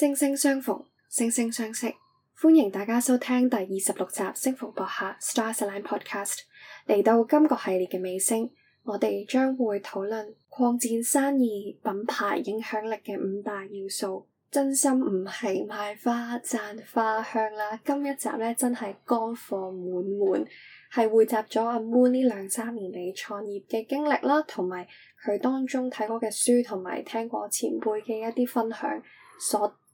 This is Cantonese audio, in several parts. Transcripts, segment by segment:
星星相逢，星星相惜，歡迎大家收聽第二十六集《星逢播客》（Starline Podcast）。嚟到今個系列嘅尾聲，我哋將會討論擴展生意品牌影響力嘅五大要素。真心唔係賣花讚花香啦，今一集咧真係乾貨滿滿，係匯集咗阿 Moon 呢兩三年嚟創業嘅經歷啦，同埋佢當中睇過嘅書同埋聽過前輩嘅一啲分享所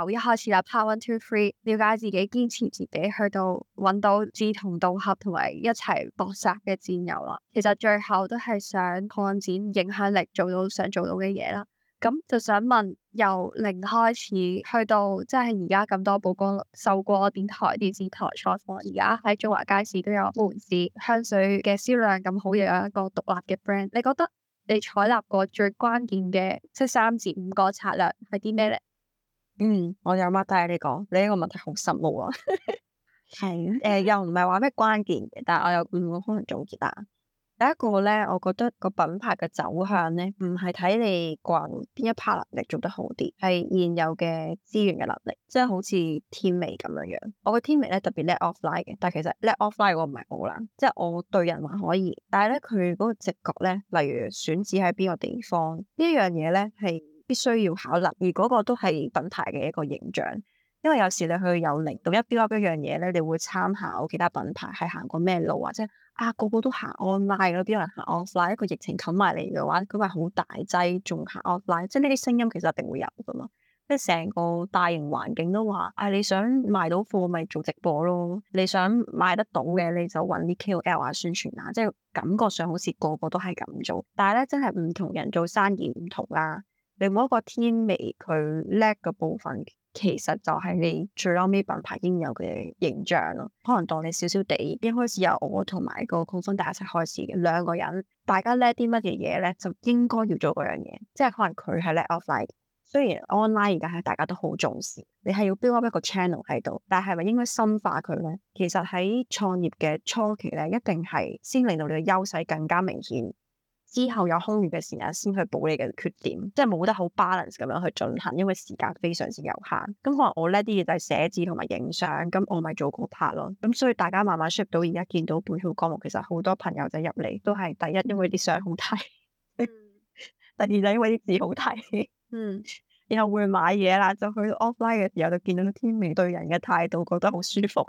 由一開始啦 part one, two, three，了解自己，堅持自己，去到搵到志同道合同埋一齊搏殺嘅戰友啦。其實最後都係想擴展影響力，做到想做到嘅嘢啦。咁就想問，由零開始去到即係而家咁多曝光，受過電台、電視台採訪，而家喺中華街市都有門市，香水嘅銷量咁好，又有一個獨立嘅 brand。你覺得你採納過最關鍵嘅即係三至五個策略係啲咩咧？嗯，我有 mark 低你講，你、這、呢個問題好深奧啊 的。係誒、呃，又唔係話咩關鍵嘅，但係我又會、嗯、可能總結下，第一個咧，我覺得個品牌嘅走向咧，唔係睇你個人邊一 part 能力做得好啲，係現有嘅資源嘅能力，即係好似天美咁樣樣。我個天美咧特別叻 offline 嘅，但係其實叻 offline 我唔係好啦，即係我對人還可以，但係咧佢嗰個直覺咧，例如選址喺邊個地方樣呢樣嘢咧係。必須要考慮，而嗰個都係品牌嘅一個形象，因為有時你去有零到一邊嗰一樣嘢咧，你會參考其他品牌係行過咩路，或者啊個個都行 online 咯、啊，啲人行 online，一個疫情冚埋嚟嘅話，佢咪好大劑仲行 offline，即係呢啲聲音其實一定會有㗎嘛，即係成個大型環境都話，啊你想賣到貨咪做直播咯，你想賣得到嘅你就揾啲 KOL 啊宣傳啊，即係感覺上好似個個都係咁做，但係咧真係唔同人做生意唔同啦、啊。另外一個天味佢叻嘅部分，其實就係你最嬲尾品牌應有嘅形象咯。可能當你少少地，一開始由我同埋個公分一齊開始嘅兩個人，大家叻啲乜嘢嘢咧，就應該要做嗰樣嘢。即係可能佢係叻 offline，雖然 online 而家係大家都好重視，你係要 build up 一個 channel 喺度，但係咪應該深化佢咧？其實喺創業嘅初期咧，一定係先令到你嘅優勢更加明顯。之後有空餘嘅時間先去補你嘅缺點，即係冇得好 balance 咁樣去進行，因為時間非常之有限。咁可能我叻啲嘢就係寫字同埋影相，咁我咪做嗰 part 咯。咁所以大家慢慢 shape 到而家見到貝酷項目，其實好多朋友仔入嚟，都係第一，因為啲相好睇；嗯、 第二就因為啲字好睇。嗯。 然後會買嘢啦，就去 offline 嘅時候就見到天美對人嘅態度，覺得好舒服。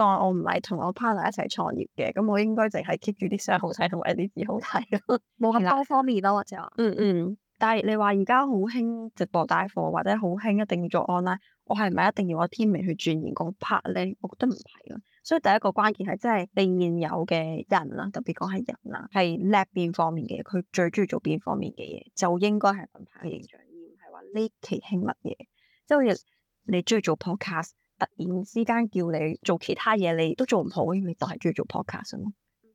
當我唔係同我 partner 一齊創業嘅，咁我應該淨係 keep 住啲相好睇同埋啲字好睇咯，冇咁多方面咯，或者嗯，嗯。但係你話而家好興直播帶貨，或者好興一定要做 online，我係咪一定要我天明去鑽研嗰 part 咧？我覺得唔係咯。所以第一個關鍵係即係你現有嘅人啦，特別講係人啦，係叻邊方面嘅嘢，佢最中意做邊方面嘅嘢，就應該係品牌嘅形象。而唔係話呢期興乜嘢，即係好似你中意做 podcast。突然之間叫你做其他嘢，你都做唔好，因為你就係中意做 podcast 啊。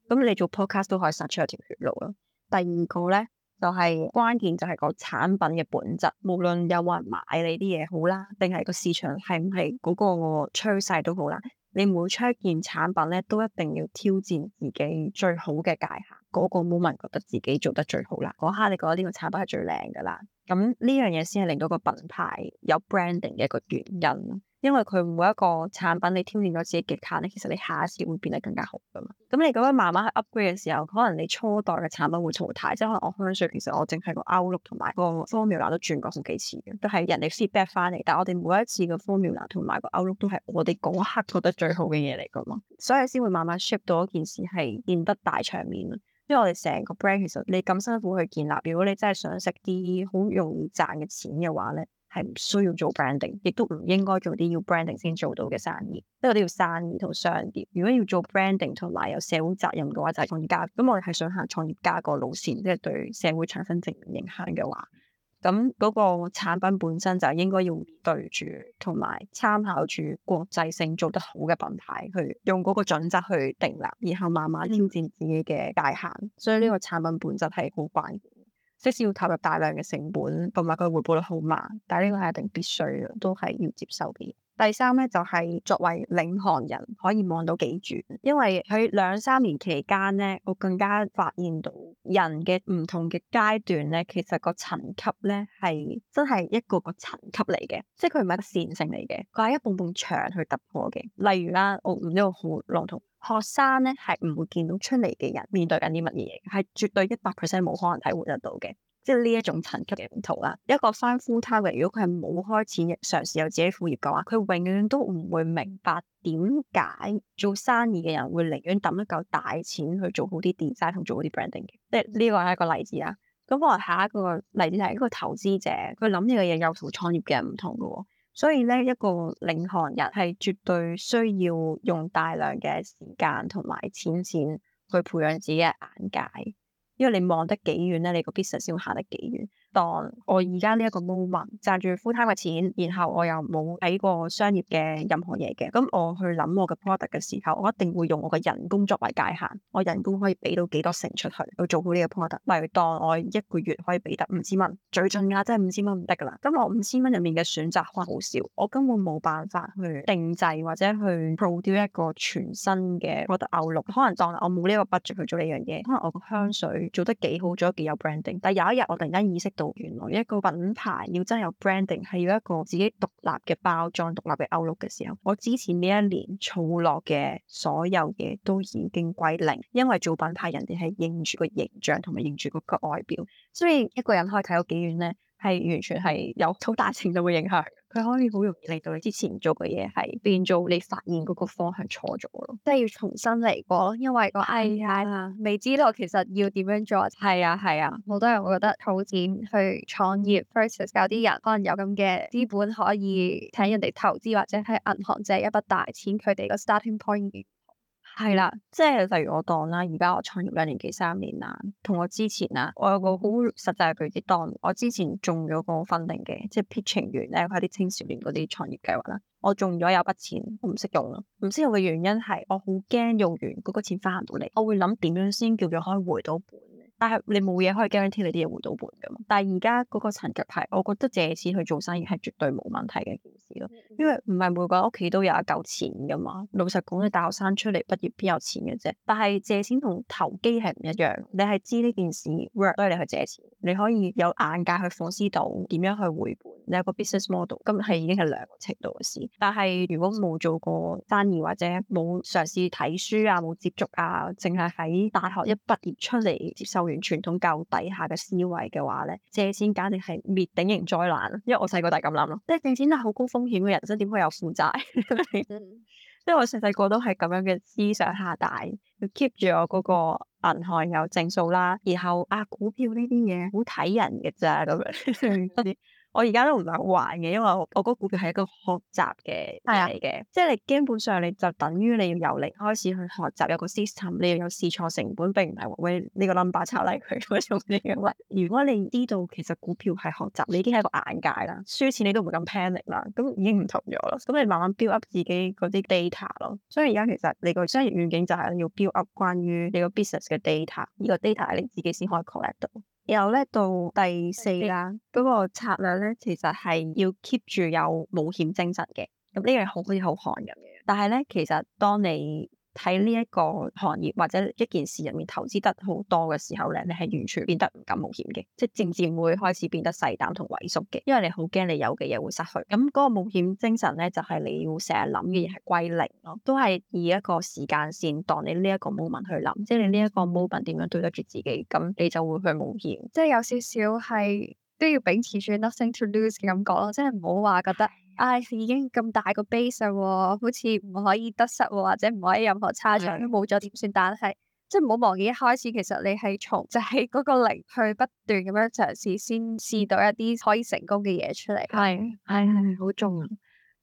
咁你做 podcast 都可以殺出一條血路啦。第二個咧就係、是、關鍵就係個產品嘅本質，無論有冇人買你啲嘢好啦，定係個市場係唔係嗰個趨勢都好啦。你每出一件產品咧，都一定要挑戰自己最好嘅界限，嗰、那個 moment 覺得自己做得最好啦，嗰刻你覺得呢個產品係最靚噶啦。咁呢樣嘢先係令到個品牌有 branding 嘅一個原因。因為佢每一個產品你挑戰咗自己極限咧，其實你下一次會變得更加好噶嘛。咁你咁樣慢慢 upgrade 嘅時候，可能你初代嘅產品會淘汰，即係可能我香水其實我淨係個 outlook 同埋個 formula 都轉過好幾次嘅，都係人哋 feedback 翻嚟。但係我哋每一次嘅 formula 同埋個 outlook 都係我哋嗰刻覺得最好嘅嘢嚟噶嘛，所以先會慢慢 shape 到一件事係見得大場面。因為我哋成個 brand 其實你咁辛苦去建立，如果你真係想食啲好容易賺嘅錢嘅話咧，係唔需要做 branding，亦都唔應該做啲要 branding 先做到嘅生意，因為啲要生意同商業。如果要做 branding 同埋有社會責任嘅話，就係創業家。咁我哋係想行創業家個路線，即係對社會產生正面影響嘅話，咁嗰個產品本身就應該要對住同埋參考住國際性做得好嘅品牌，去用嗰個準則去定立，然後慢慢挑戰自己嘅界限。所以呢個產品本質係好關鍵。即使要投入大量嘅成本，同埋佢回報率好慢，但係呢個係一定必須嘅，都係要接受嘅。第三咧就係、是、作為領航人可以望到幾遠，因為喺兩三年期間咧，我更加發現到人嘅唔同嘅階段咧，其實個層級咧係真係一個個層級嚟嘅，即係佢唔係一個線性嚟嘅，佢係一棟棟牆去突破嘅。例如啦，我唔知我好浪。唔？學生咧係唔會見到出嚟嘅人面對緊啲乜嘢嘢，係絕對一百 percent 冇可能體會得到嘅，即係呢一種層級嘅唔同啦。一個返 full time 嘅，如果佢係冇開始嘗試有自己副業嘅話，佢永遠都唔會明白點解做生意嘅人會寧願抌一嚿大錢去做好啲 design 同做好啲 branding 嘅。即係呢個係一個例子啦。咁我下一個例子係一個投資者，佢諗嘅嘢又同創業嘅唔同嘅喎。所以咧，一個領航人係絕對需要用大量嘅時間同埋錢錢去培養自己嘅眼界，因為你望得幾遠咧，你個 business 先會行得幾遠。當我而家呢一個 moment 賺住 fulltime 嘅錢，然後我又冇睇過商業嘅任何嘢嘅，咁我去諗我嘅 product 嘅時候，我一定會用我嘅人工作為界限，我人工可以俾到幾多成出去去做好呢個 product。例如當我一個月可以俾得五千蚊，最盡噶，即係五千蚊唔得噶啦。咁我五千蚊入面嘅選擇可能好少，我根本冇辦法去定製或者去 produce 一個全新嘅 product 牛六。可能當我冇呢個 budget 去做呢樣嘢，可能我個香水做得幾好，做得幾有 branding，但係有一日我突然間意識到。原來一個品牌要真有 branding，係要一個自己獨立嘅包裝、獨立嘅 outlook 嘅時候，我之前呢一年儲落嘅所有嘢都已經歸零，因為做品牌人哋係認住個形象同埋認住嗰個外表，所以一個人可以睇到幾遠咧？係完全係有好大程度嘅影響，佢可以好容易令到你之前做嘅嘢，係變做你發現嗰個方向錯咗咯，即係要重新嚟過咯。因為個係啊，未知咯，其實要點樣做？係啊係啊，好多人會覺得儲錢去創業 versus 搞啲人可能有咁嘅資本可以請人哋投資，或者喺銀行借一筆大錢，佢哋個 starting point。係啦，即係例如我當啦，而家我創業兩年幾三年啦，同我之前啦，我有個好實際嘅例子當，我之前中咗個 funding 定嘅，即係 pitching 完，咧開啲青少年嗰啲創業計劃啦，我中咗有筆錢，我唔識用咯，唔識用嘅原因係我好驚用完嗰、嗰個錢翻唔到嚟，我會諗點樣先叫做可以回到本。但係你冇嘢可以 guarantee 你啲嘢回到本㗎嘛？但係而家嗰個層級係，我覺得借錢去做生意係絕對冇問題嘅一件事咯，因為唔係每個屋企都有一嚿錢噶嘛。老實講，你大學生出嚟畢業邊有錢嘅啫？但係借錢同投機係唔一樣，你係知呢件事 work 都係你去借錢，你可以有眼界去反思到點樣去回本。你有個 business model，咁係已經係兩個程度嘅事。但係如果冇做過生意或者冇嘗試睇書啊、冇接觸啊，淨係喺大學一畢業出嚟接受完傳統教底下嘅思維嘅話咧，借錢簡直係滅頂型災難。因為我細個大咁諗咯，即係借錢係好高風險嘅人生，點可有負債？即 以我細細個都係咁樣嘅思想下大，大要 keep 住我嗰個銀行有正數啦。然後啊，股票呢啲嘢好睇人嘅咋咁樣。 我而家都唔係玩嘅，因為我我股票係一個學習嘅嚟嘅，的即係你基本上你就等於你要由零開始去學習，有個 system，你要有試錯成本，並唔係話喂呢、這個 number 抄嚟佢。 如果你知道其實股票係學習，你已經係一個眼界啦，輸錢你都唔會咁 panic 啦，咁已經唔同咗啦。咁你慢慢 build up 自己嗰啲 data 咯。所以而家其實你個商業遠景就係要 build up 關於你 bus、這個 business 嘅 data，呢個 data 你自己先可以 collect 到。由咧到第四啦，嗰、哎哎、個策略咧，其實係要 keep 住有冒險精神嘅，咁呢樣好似好寒咁樣。但係咧，其實當你喺呢一個行業或者一件事入面投資得好多嘅時候咧，你係完全變得唔敢冒險嘅，即係漸漸會開始變得細膽同萎縮嘅，因為你好驚你有嘅嘢會失去。咁嗰個冒險精神咧，就係你要成日諗嘅嘢係歸零咯，都係以一個時間線當你呢一個 moment 去諗，即係你呢一個 moment 點樣對得住自己，咁你就會去冒險，即係有少少係都要秉持住 nothing to lose 嘅感覺咯，即係唔好話覺得。唉、哎，已經咁大個 base 啦、哦，好似唔可以得失或者唔可以任何差錯都冇咗點算？但係即係唔好忘記一開始其實你係從就係嗰個零去不斷咁樣嘗試，先試到一啲可以成功嘅嘢出嚟。係，係，好重，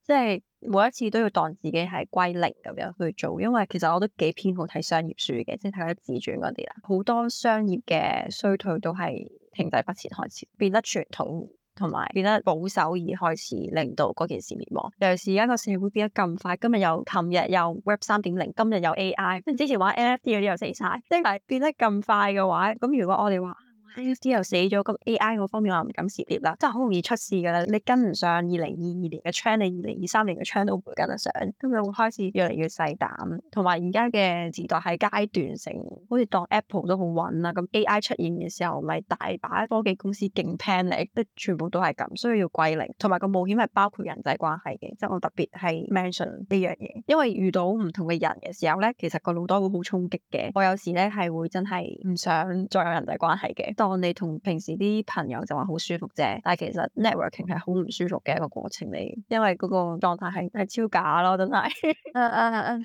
即係每一次都要當自己係歸零咁樣去做，因為其實我都幾偏好睇商業書嘅，即係睇啲自傳嗰啲啦。好多商業嘅衰退都係停滯不前開始，變得傳統。同埋變得保守而開始，令到嗰件事滅亡。尤其是而家個社會變得咁快，今日又琴日又 Web 三點零，今日又 AI，跟之前玩 NFT 嗰啲又死曬。即係變得咁快嘅話，咁如果我哋話？A.I. 又死咗，咁 A.I. 嗰方面我唔敢涉獵啦，即係好容易出事噶啦。你跟唔上二零二二年嘅趨勢，你二零二三年嘅趨勢都唔會跟得上。咁又開始越嚟越細膽，同埋而家嘅時代係階段性，好似當 Apple 都好穩啦。咁 A.I. 出現嘅時候，咪大把科技公司勁 panic，全部都係咁，所以要歸零。同埋個冒險係包括人際關係嘅，即係我特別係 mention 呢樣嘢，因為遇到唔同嘅人嘅時候咧，其實個腦袋會好衝擊嘅。我有時咧係會真係唔想再有人際關係嘅。當你同平時啲朋友就話好舒服啫，但係其實 networking 係好唔舒服嘅一個過程嚟，因為嗰個狀態係係超假咯，真係。嗯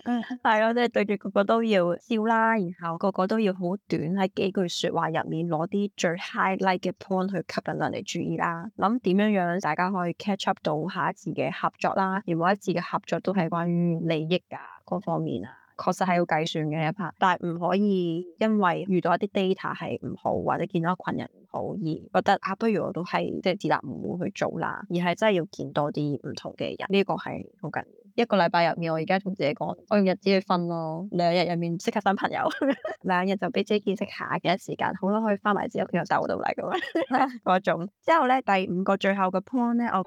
嗯係咯，即係對住個個都要笑啦，然後個個都要好短，喺幾句說話入面攞啲最 highlight 嘅 point 去吸引人哋注意啦，諗點樣樣大家可以 catch up 到下一次嘅合作啦，而每一次嘅合作都係關於利益啊各方面啊確實係要計算嘅一 part，但係唔可以因為遇到一啲 data 係唔好，或者見到一群人唔好而覺得啊，不如我都係即係自立門戶去做啦，而係真係要見多啲唔同嘅人，呢個係好緊要。 一個禮拜入面，我而家同自己講，我用日子去分咯，兩日入面識下新朋友， 兩日就俾自己見識下嘅一時間，好啦，可以翻埋自己屋企度到嚟咁樣嗰種。之後咧 第五個最後嘅 point 咧我。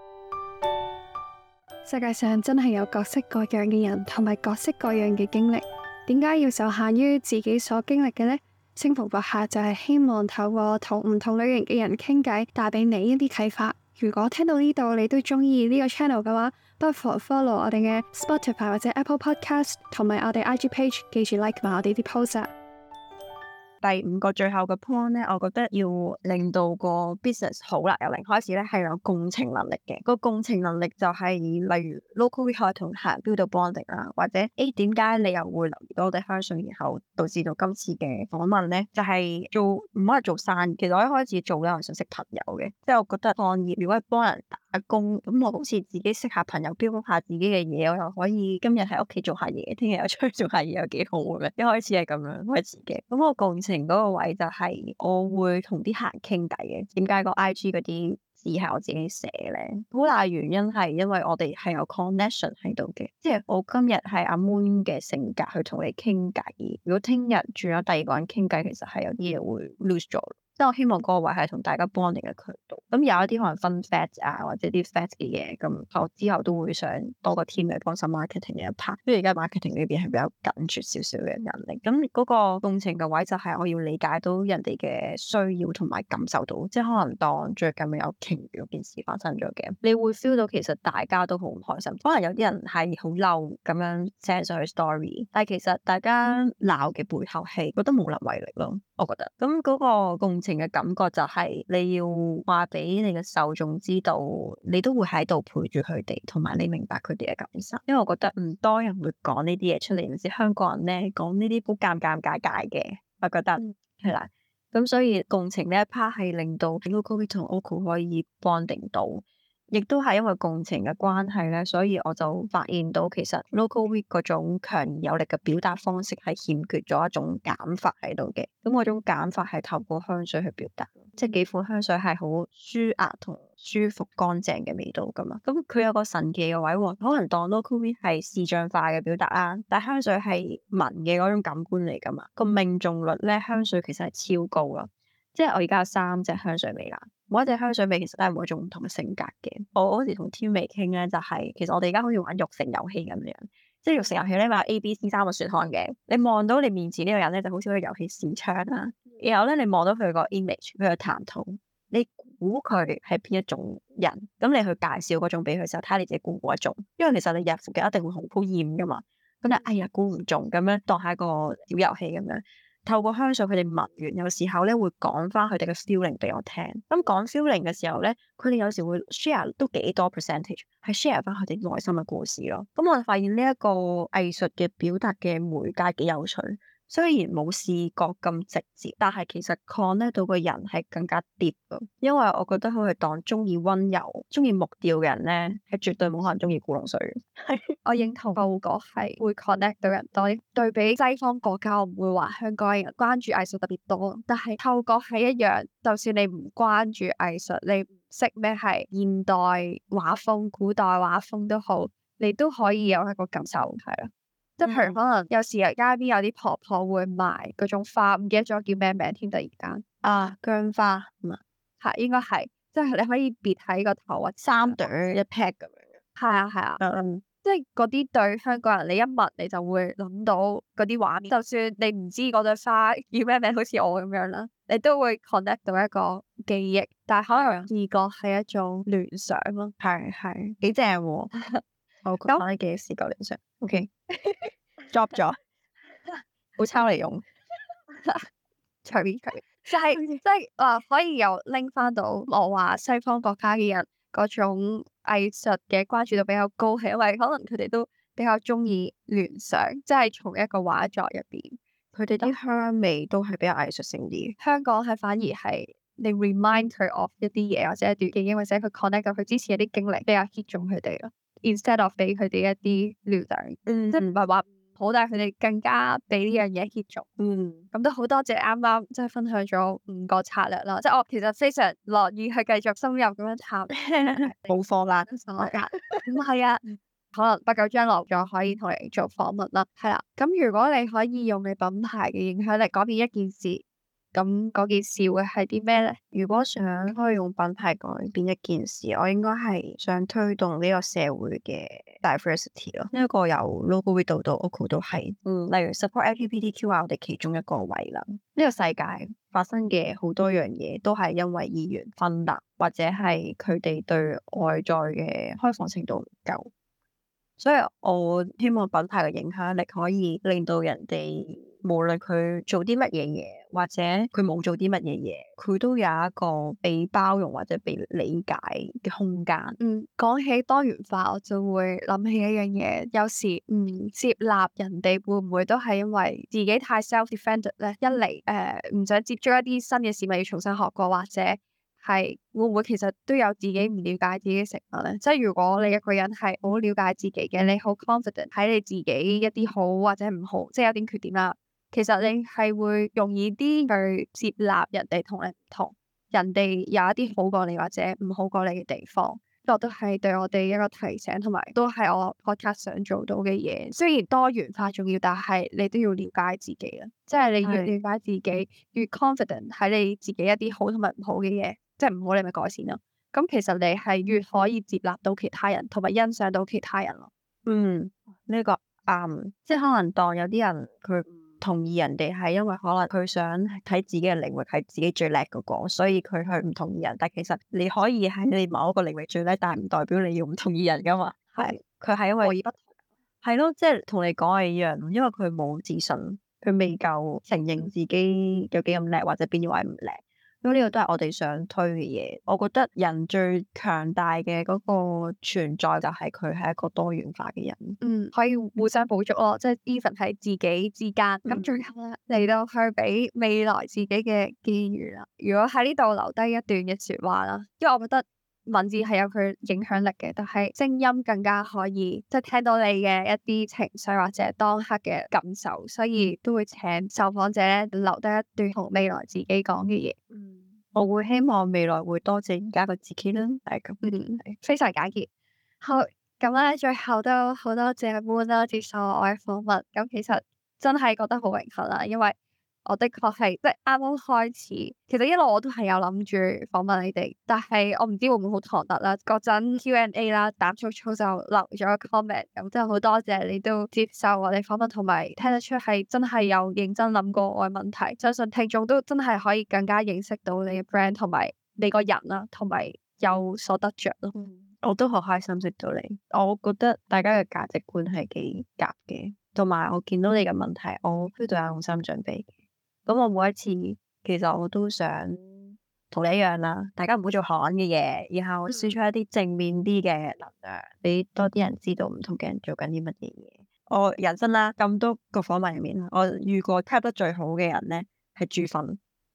世界上真係有各式各樣嘅人，同埋各式各樣嘅經歷。點解要受限於自己所經歷嘅呢？星逢播客就係希望透過同唔同類型嘅人傾偈，帶俾你一啲啟發。如果聽到呢度你都中意呢個 channel 嘅話，不妨 follow 我哋嘅 Spotify 或者 Apple Podcast，同埋我哋 IG page，記住 like 埋我哋啲 post 啊！第五個最後個 point 咧，我覺得要令到個 business 好啦，由零開始咧係有共情能力嘅。個共情能力就係例如 local client 同客 build 到 bonding 啦，或者誒點解你又會留意到我哋香水，然後導致到今次嘅訪問咧，就係、是、做唔可以做生意。其實我一開始做嘅我，做我想識朋友嘅，即係我覺得創業如果係幫人打工，咁我好似自己識下朋友，標榜下自己嘅嘢，我又可以今日喺屋企做下嘢，聽日又出去做下嘢，有幾好嘅。一開始係咁樣開始嘅。咁我，我共情嗰個位就係我會同啲客人傾偈嘅，點解個 IG 嗰啲字係我自己寫咧？好大原因係因為我哋係有 connection 喺度嘅，即係我今日係阿 Moon 嘅性格去同你傾偈，如果聽日轉咗第二個人傾偈，其實係有啲嘢會 lose 咗。即我希望嗰個位係同大家 b 你嘅渠道，咁有一啲可能分 fet 啊或者啲 fet 嘅嘢，咁我之後都會想多個 team 嚟幫手 marketing 一、啊、part。因為而家 marketing 呢邊係比較緊缺少少嘅人力，咁嗰個共情嘅位就係我要理解到人哋嘅需要同埋感受到，即係可能當最近有鯨魚件事發生咗嘅，你會 feel 到其實大家都好唔開心。可能有啲人係好嬲咁樣 send 上去 story，但係其實大家鬧嘅背後係覺得無能為力咯，我覺得。咁嗰個共嘅感覺就係、是、你要話俾你嘅受眾知道，你都會喺度陪住佢哋，同埋你明白佢哋嘅感受。因為我覺得唔多人會講呢啲嘢出嚟，唔知香港人咧講呢啲好尷尷尬尬嘅。我覺得係啦，咁、嗯、所以共情呢一 part 係令到 Lucy 同 Oco 可以 bonding 到。亦都係因為共情嘅關係咧，所以我就發現到其實 Local Week 嗰種強有力嘅表達方式係欠缺咗一種減法喺度嘅。咁嗰種減法係透過香水去表達，即係幾款香水係好舒壓同舒服，舒服乾淨嘅味道噶嘛。咁佢有個神奇嘅位、哦，可能當 Local Week 係視像化嘅表達啊，但香水係聞嘅嗰種感官嚟噶嘛。個命中率咧，香水其實係超高噶。即係我而家有三隻香水味啦，每一隻香水味其實都係每一種唔同嘅性格嘅。我嗰時同 teammate 傾咧，就係、是、其實我哋而家好似玩育成遊戲咁樣，即係育成遊戲咧有 A、B、C 三個選項嘅。你望到你面前呢個人咧，就好似個遊戲視窗啦。然後咧，你望到佢個 image，佢個談吐，你估佢係邊一種人，咁你去介紹嗰種俾佢時候，睇下你自己估唔估一種。因為其實你入附近一定會好討厭噶嘛，咁你哎呀估唔中咁樣當係一個小遊戲咁樣。透過香水佢哋聞完，有時候咧會講翻佢哋嘅 feeling 俾我聽。咁講 feeling 嘅時候咧，佢哋有時會 share 都幾多 percentage，係 share 翻佢哋內心嘅故事咯。咁、嗯、我就發現呢一個藝術嘅表達嘅媒介幾有趣。雖然冇視覺咁直接，但係其實 connect 到個人係更加 deep 嘅。因為我覺得佢係當中意溫柔、中意木調嘅人咧，係絕對冇可能中意古龍水。係， 我認同透過係會 connect 到人多啲。對比西方國家，我唔會話香港人關注藝術特別多，但係透過係一樣。就算你唔關注藝術，你唔識咩係現代畫風、古代畫風都好，你都可以有一個感受，係啦。即係譬如可能有時啊街邊有啲婆婆會賣嗰種花，唔記得咗叫咩名添。突然間啊，薑花係嘛？係嗎應該係，即係你可以別喺個頭啊，三朵一 pack 咁樣。係啊係啊，即係嗰啲對香港人，你一聞你就會諗到嗰啲畫面。就算你唔知嗰朵花叫咩名，好似我咁樣啦，你都會 connect 到一個記憶。但係可能視覺係一種聯想咯，係係幾正喎。 我講啲嘅視覺聯想，OK，drop 咗，好抄嚟你用，隨便 就係即係話可以又拎翻到我話西方國家嘅人嗰種藝術嘅關注度比較高，係因為可能佢哋都比較中意聯想，即係從一個畫作入邊，佢哋啲香味都係比較藝術性啲。 香港係反而係你 remind 佢 of 一啲嘢，或者一段記憶，或者佢 connect 到佢之前一啲經歷，比較 hit 中佢哋咯。Instead of 俾佢哋一啲料上，即係唔係話好，但係佢哋更加俾呢樣嘢協助。咁、mm hmm. 都好多謝啱啱即係分享咗五個策略啦，即係我其實非常樂意去繼續深入咁樣探。冇貨啦，真係唔係啊， 可能不久將來再可以同你做訪問啦。係啦，咁如果你可以用你品牌嘅影響力改變一件事。咁嗰件事會係啲咩咧？如果想可以用品牌改變一件事，我應該係想推動呢個社會嘅 diversity 咯。呢一個由 logo 到到 logo 都係嗯，例如 support L G B T Q 啊，我哋其中一個位啦。呢、這個世界發生嘅好多樣嘢，都係因為意願分立或者係佢哋對外在嘅開放程度唔夠，所以我希望品牌嘅影響力可以令到人哋。無論佢做啲乜嘢嘢，或者佢冇做啲乜嘢嘢，佢都有一個被包容或者被理解嘅空間。嗯，講起多元化，我就會諗起一樣嘢。有時唔接納人哋，會唔會都係因為自己太 self-defended 咧？一嚟誒，唔，呃，唔想接觸一啲新嘅事物要重新學過，或者係會唔會其實都有自己唔了解自己嘅食物咧？即係如果你一個人係好了解自己嘅，你好 confident 喺你自己一啲好或者唔好，即係有啲缺點啦。其實你係會容易啲去接納人哋同你唔同，人哋有一啲好過你或者唔好過你嘅地方，都係對我哋一個提醒，同埋都係我 podcast 想做到嘅嘢。雖然多元化重要，但係你都要了解自己啦，即係你越了解自己，是越 confident 喺你自己一啲好同埋唔好嘅嘢，即係唔好你咪改善咯。咁其實你係越可以接納到其他人，同埋欣賞到其他人咯。嗯，呢、這個啱，um, 即係可能當有啲人佢。同意人哋係因為可能佢想睇自己嘅領域係自己最叻嗰個，所以佢去唔同意人。但其實你可以喺你某一個領域最叻，但唔代表你要唔同意人㗎嘛。係、嗯，佢係因為係咯，即係同你講係一樣，因為佢冇自信，佢未夠承認自己有幾咁叻，嗯、或者邊位唔叻。因為呢個都係我哋想推嘅嘢，我覺得人最強大嘅嗰個存在就係佢係一個多元化嘅人，嗯，可以互相補足咯，即係 even 係自己之間，咁、嗯、最後咧嚟到去俾未來自己嘅寄語啦。如果喺呢度留低一段嘅說話啦，因為我覺得。文字係有佢影響力嘅，但係聲音更加可以即係、就是、聽到你嘅一啲情緒或者當刻嘅感受，所以都會請受訪者留低一段同未來自己講嘅嘢、嗯。我會希望未來會多謝而家嘅自己啦，係咁、嗯。非常簡潔。好，咁、嗯、咧最後都好多謝 Moon 啦，接受我嘅訪問，咁、嗯、其實真係覺得好榮幸啦，因為。我的確係即係啱啱開始，其實一路我都係有諗住訪問你哋，但係我唔知會唔會好唐突啦。嗰陣 Q&A 啦，膽粗粗就留咗個 comment，咁真係好多謝你都接受我哋訪問，同埋聽得出係真係有認真諗過我嘅問題。相信聽眾都真係可以更加認識到你嘅 brand 同埋你個人啦，同埋有，有所得着咯、嗯。我都好開心識到你，我覺得大家嘅價值觀係幾夾嘅，同埋我見到你嘅問題，我都有用心準備。咁我每一次，其實我都想同你一樣啦。大家唔好做喊嘅嘢，然後輸出一啲正面啲嘅能量，俾多啲人知道唔同嘅人做緊啲乜嘢。我人生啦，咁多個訪問入面，我遇過 cap 得最好嘅人咧，係朱薰。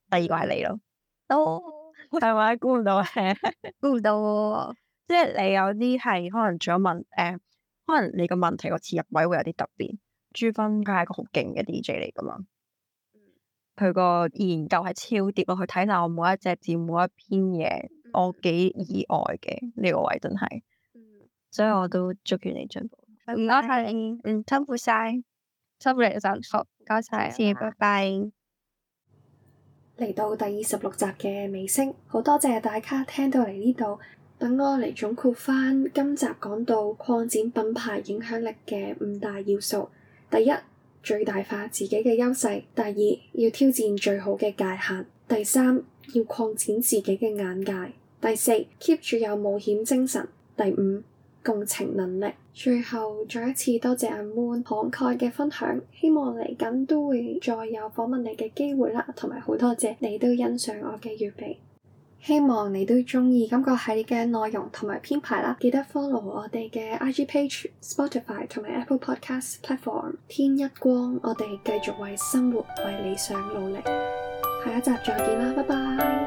第二個係你咯，都係咪？估唔到、啊，估 唔到、啊。 即係你有啲係可能想問，誒、呃，可能你個問題個切入位會有啲特別。朱薰梗係個好勁嘅 DJ 嚟噶嘛～佢個研究係超跌落去睇下我每一隻字每一篇嘢，嗯、我幾意外嘅呢、呢個位真係，嗯、所以我都祝願你進步。唔該曬，嗯，辛苦晒，辛苦你時候唔該晒，謝謝次拜拜。嚟拜到第二十六集嘅尾聲，好多謝大家聽到嚟呢度，等我嚟總括返今集講到擴展品牌影響力嘅五大要素。第一。最大化自己嘅優勢。第二，要挑戰最好嘅界限。第三，要擴展自己嘅眼界。第四，keep 住有冒險精神。第五，共情能力。最後，再一次多謝阿 Moon 慷慨嘅分享，希望嚟緊都會再有訪問你嘅機會啦，同埋好多謝你都欣賞我嘅預備。希望你都中意今個系列嘅內容同埋編排啦！記得 follow 我哋嘅 IG page、Spotify 同埋 Apple Podcast platform。天一光，我哋繼續為生活為理想努力。下一集再見啦，拜拜！